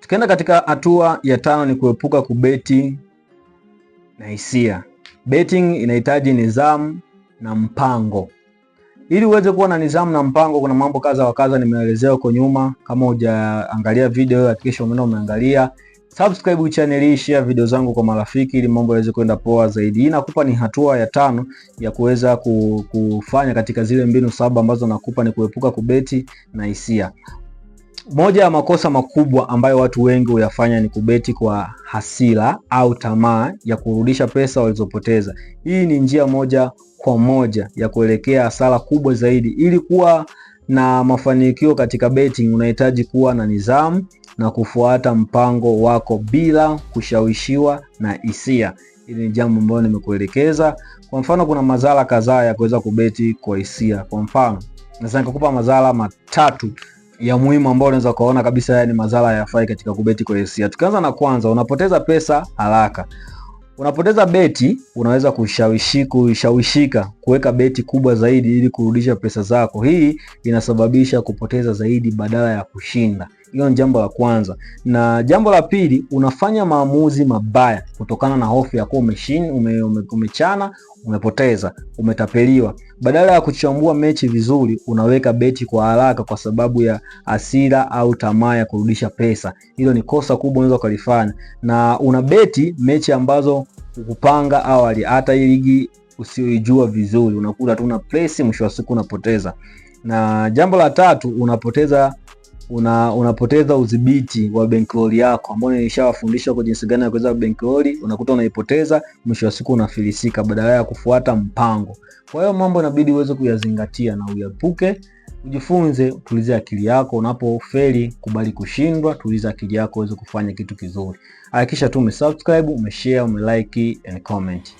Tukienda katika hatua ya tano ni kuepuka kubeti na hisia. Betting inahitaji nidhamu na mpango. Ili uweze kuwa na nidhamu na mpango, kuna mambo kadha wa kadha nimeelezea huko nyuma. Kama hujaangalia video, hakikisha umeona umeangalia. Subscribe channel hii, share video zangu kwa marafiki, ili mambo yaweze kwenda poa zaidi. Hii nakupa ni hatua ya tano ya kuweza kufanya katika zile mbinu saba ambazo nakupa, ni kuepuka kubeti na hisia. Moja ya makosa makubwa ambayo watu wengi huyafanya ni kubeti kwa hasira au tamaa ya kurudisha pesa walizopoteza. Hii ni njia moja kwa moja ya kuelekea hasara kubwa zaidi. Ili kuwa na mafanikio katika betting, unahitaji kuwa na nidhamu na kufuata mpango wako bila kushawishiwa na hisia. Hili ni jambo ambalo nimekuelekeza. Kwa mfano, kuna madhara kadhaa ya kuweza kubeti kwa hisia. Kwa mfano, naweza nikakupa madhara matatu ya muhimu ambayo unaweza kuona kabisa haya ni madhara hayafai katika kubeti kwa hisia. Tukianza na kwanza, unapoteza pesa haraka. Unapoteza beti, unaweza kushawishi kushawishika kuweka beti kubwa zaidi ili kurudisha pesa zako. Hii inasababisha kupoteza zaidi badala ya kushinda. Hiyo ni jambo la kwanza, na jambo la pili, unafanya maamuzi mabaya kutokana na hofu ya kuwa umeshin ume, ume, umechana, umepoteza, umetapeliwa. Badala ya kuchambua mechi vizuri, unaweka beti kwa haraka kwa sababu ya hasira au tamaa ya kurudisha pesa. Hilo ni kosa kubwa unaweza ukalifanya, na una beti mechi ambazo kupanga awali, hata hii ligi usioijua vizuri, unakuta tu una place, mwisho wa siku unapoteza. Na jambo la tatu, unapoteza una, unapoteza udhibiti wa bankroll yako ambao nilishawafundisha kwa jinsi gani ya kuweza bankroll, unakuta unaipoteza, mwisho wa siku unafilisika badala ya kufuata mpango. Kwa hiyo mambo inabidi uweze kuyazingatia na uyapuke Ujifunze, tulize akili yako. Unapofeli kubali kushindwa, tuliza akili yako uweze kufanya kitu kizuri. Hakikisha tu umesubscribe, umeshare, umelike and comment.